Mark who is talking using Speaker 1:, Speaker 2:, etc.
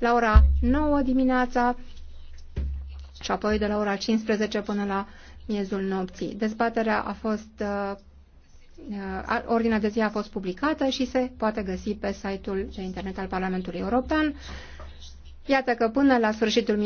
Speaker 1: la ora 9 dimineața și apoi de la ora 15 până la miezul nopții. Dezbaterea a fost, uh, uh, ordinea de zi a fost publicată și se poate găsi pe site-ul de internet al Parlamentului European. Iată că până la sfârșitul